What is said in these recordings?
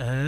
Oh.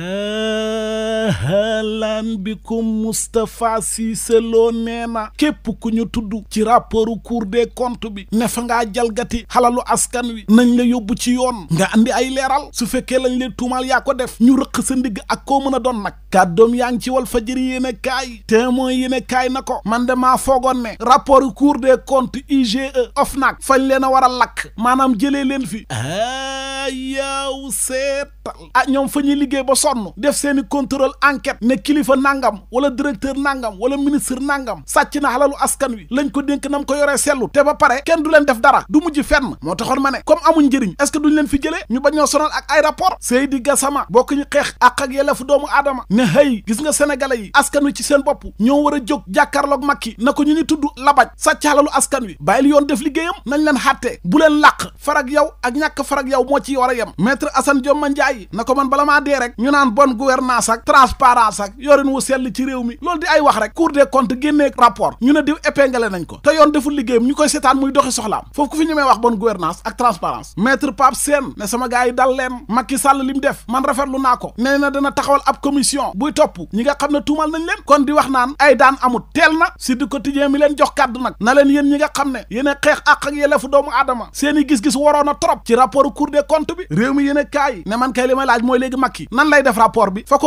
halaan bikum Moustapha Cissé Lo nee na képp ku ñu tudd ci rapportu Cour de comptes bi ne ngaa jalgati xalalu askan wi nañ la yóbbu ci yoon nga andi ay leeral su fekkee lañ leen tuumaal yaa ko def ñu rëq sa ndigg ak koo mën a doon nag kàddoom yaa ngi ci wal fajëri yéene kaay témoin yéene kaay na ko man de foogoon ne rapport Cour des comptes IGE OFNAC fañ leen a waral lakk maanaam jëlee leen fi a yaaw seetal ah ñoom fa ñuy liggéey ba sonn def seeni contrôle enquête ne kilifa nangam wala directeur nangam wala ministre nangam sàcc na xalalu askan wi lañ ko dénk nam ko yore sellu te ba pare kenn du leen def dara du mujj fenn moo taxoon ma ne comme amuñ njëriñ est-ce que duñ leen fi jëlee ñu bañoo sonal ak ay rapport Seydi Gassama bokk ñu xeex ak ak yelleefu doomu aadama ne xëy gis nga sénégalais yi askan wi ci seen bopp ñëw war a jóg jàkkaarloog Macky na ko ñu ñu tudd labaj sàcc xalalu askan wi bàyyil yoon def liggéeyam nañ leen xàttee bu leen làq farag yow ak ñàkk farag yow moo ci war a yem maître Assane Dioma Ndiaye na man bala maa dee rek ñu naan bonne gouvernance ak transparence ak yorin wu sell ci réew mi loolu di ay wax rek cour des comptes génnee rapport ñu ne diw épinglé nañ ko te yoon deful liggéeyam ñu koy seetaan muy doxi soxlaam foofu ku fi ñemee wax bonne gouvernance ak transparence maître Pape Sène ne sama gars yi dal leen Macky Sall li mu def man rafet rafetlu naa ko nee na dana taxawal ab commission buy topp ñi nga xam ne tuumal nañ leen kon di wax naan ay daan amut teel na si du quotidien mi leen jox kàddu nag na leen yéen ñi nga xam ne yéen xeex doomu aadama seen gis-gis waroon na trop ci rapport cour des comptes bi réew mi yéen kaay nan lay def rapport bi fa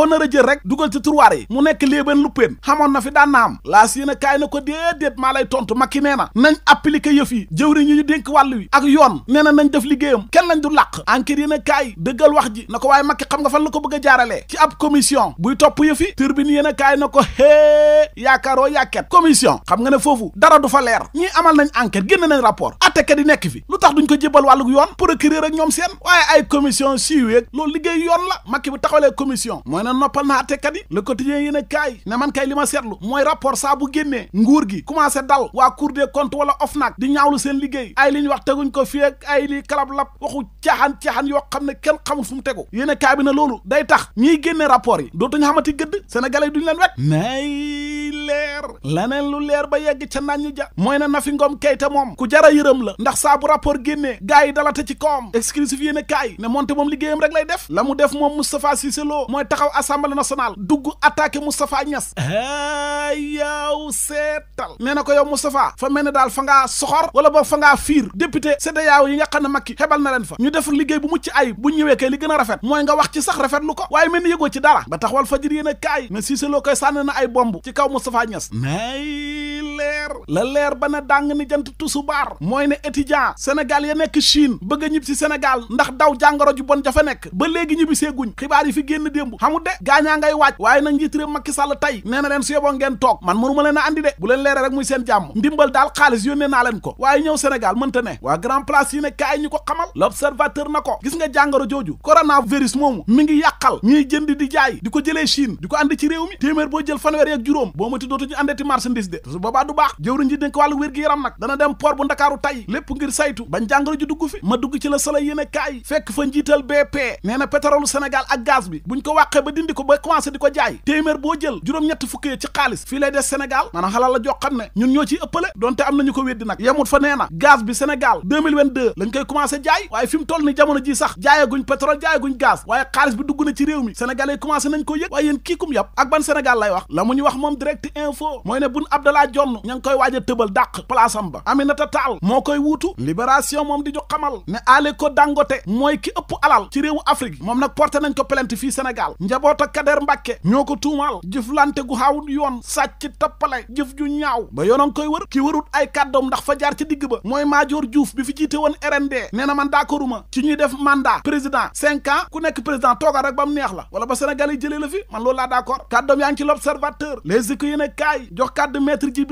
jël rek dugal ci tiroir yi mu nekk léebéen luppéen xamoon na fi daan na am laas yéen a kaay na ko déedéet maa lay tontu Macky nee na nañ appliqué yëf yi jëwriñ yi ñu dénk wàll ak yoon nee na nañ def liggéeyam kenn lañ du làq enquête yéen a dëggal wax ji na ko waaye Macky xam nga fan la ko bëgg a jaaralee ci ab commission buy topp yëf yi turbine a kaay na ko hee yaakaaroo yàkket commission xam nga ne foofu dara du fa leer ñii amal nañ enquête génn nañ rapport attekat yi nekk fi lu tax duñ ko jébbal wàlluk yoon procureur ak ñoom seen waaye ay commission siiweeg yoon la Macky bu taxawalee commission na attekat yi le quotidien yéen a kaay ne man kay li ma seetlu mooy rapport saa bu nguur gi commencé dal waa cour des comptes wala OFNAC di ñaawlu seen liggéey ay li ñu wax teguñ ko fii ak ay li kalab-lab waxu caaxaan-caaxaan yoo xam ne kenn xamul fu mu tegu yéen a kaay bi loolu day tax ñiy génne rapport yi dootuñu xamati gëdd sénégalais yi duñu leen wet leer leneen lu leer ba yegg ca nañ ja mooy na Nafi ngoom Keïta moom ku jara yërëm la ndax saa bu rapport génne gars yi te ci kawam exclusif yéen kaay ne moonte moom liggéeyam rek lay def la mu def moom Moustapha Cissé Lo mooy taxaw assemblée nationale dugg attaqué Moustapha Niass yaw seetal nee na ko yow Moustapha fa mel ne daal fa ngaa soxor wala ba fa ngaa fiir député CEDEAO yi nga xam ne Macky xebal na leen fa ñu def liggéey bu mucc ay bu ñëwee kay li a wax ci sax rafet lu ko waaye mel ni ci dara ba taxawal fajir yéen kaay ne Cissé ay bomb ci kaw Moustapha Niass podcast. la leer ba ne dàng ni jant tusubaar mooy ne étudiant sénégal ya nekk Chine bëgg a ñib si sénégal ndax daw jàngoro ju bon jafa nekk ba léegi ñibbisee guñ xibaar yi fi génn démb xamu de gaañaa ngay waaj waaye nag njiit réew Macky Sall tey nee na leen su yeboo ngeen toog man mënuma leen a andi de bu leen leere rek muy seen jàmm ndimbal daal xaalis yónnee naa leen ko waaye ñëw sénégal mënta ne waa grand place yi ne kaay ñu ko xamal l'observateur na ko gis nga jàngoro jooju coronavirus moomu mi ngi yàqal ñuy jënd di di ko di ko àndi ci réew mi téeméer boo jël fanweer ak juróom boo mati dootu ñu àndeti marchandise de su boobaa du jëwriñ ji dénk wàllu wér-gi-yaram nag dana dem port bu ndakaaru tey lépp ngir saytu ba njàngoro ji dugg fi ma dugg ci la sala yéene kaay fekk fa njiital BP nee na pétrolu Sénégal ak gaz bi bu buñ ko wàqee ba dindi ko ba commencé di ko jaay téeméer boo jël juróom-ñett fukki ci xaalis fii lay des Sénégal maanaam xalaal la jox xam ne ñun ñoo ciy ëppale donte am nañu ko weddi nag yemut fa nee na gaz bi Sénégal 2022 lañ koy commencé jaay waaye fi toll ni jamono ji sax jaayaguñ pétrole jaayaguñ gaz waaye xaalis dugg na ci réew mi sénégalais commencé nañ ko yëg waaye yéen kiikum yàpp ak ban Sénégal wax la mu ñu wax moom direct info mooy ngi koy waaj a tëbal dàq palaasam ba Aminata Taal moo koy wuutu libération moom di ñu xamal ne Aliko Dangote mooy ki ëpp alal ci réewu Afrique moom nag porte nañ ko plainte fii Sénégal njaboot ak Kader Mbàkke ñoo ko tuumaal lante gu xaawut yoon sàcc tappale jëf ju ñaaw ba yoonangi koy wër ki wërut ay kàddoom ndax fa jaar ci digg ba mooy Maajoor Diouf bi fi jiite woon RND nee na man d'accorduma ci ñuy def mandat président cinq ans ku nekk président toogal rek ba mu neex la wala ba Sénégal yi jëlee la fi man loolu laa d'accord kàddoom yaa ngi ci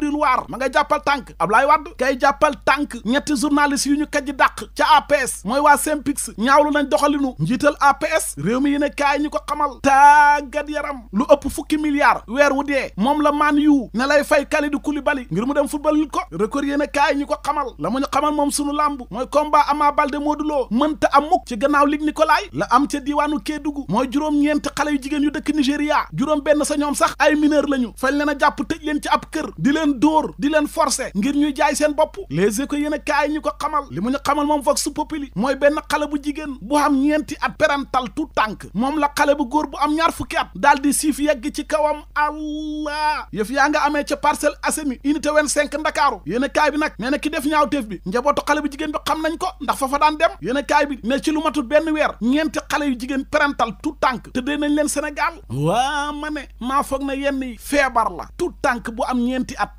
a nga jàppal tànk Ablaye Wade kay jàppal tànk ñetti journaliste yu ñu kajji dàq ca APS mooy waa Synpics ñaawlu nañ doxalinu njiital APS réew mi yéen kaay ñu ko xamal tàggat yaram lu ëpp fukki milliards weer wu dee moom la maan yu ne lay fay Kalidou Koulibaly ngir mu dem football lit ko record yéen kaay ñu ko xamal la mu ñu xamal moom sunu làmb mooy combat Ama Baldé Modou Lo mënta am mukk ci gannaaw lig Nicolas la am ca diiwaanu Kédougou mooy juróom-ñeent xale yu jigéen yu dëkk Nigéria juróom benn sa ñoom sax ay mineur lañu fañ leen a jàpp tëj leen ci ab kër di leen dóor di leen forcer ngir ñuy jaay seen bopp les éco yéen ñu ko xamal li mu ñu xamal moom vox populi mooy benn xale bu jigéen bu am ñeenti at perantal tout tànk moom la xale bu góor bu am ñaar fukki at daal di siif yegg ci kawam allah yëf yaa nga amee ca Parcelles Assainies unité 25 ndakaaru yéen a kaay bi nag nee na ki def ñaawteef bi njabootu xale bu jigéen bi xam nañ ko ndax fa daan dem yéen a kaay bi ne ci lu matul benn weer ñeenti xale yu jigéen perantal tout tànk tëddee nañ leen Sénégal ma ne maa foog na yenn feebar la tout tànk bu am ñeenti at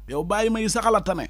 yi saxala tane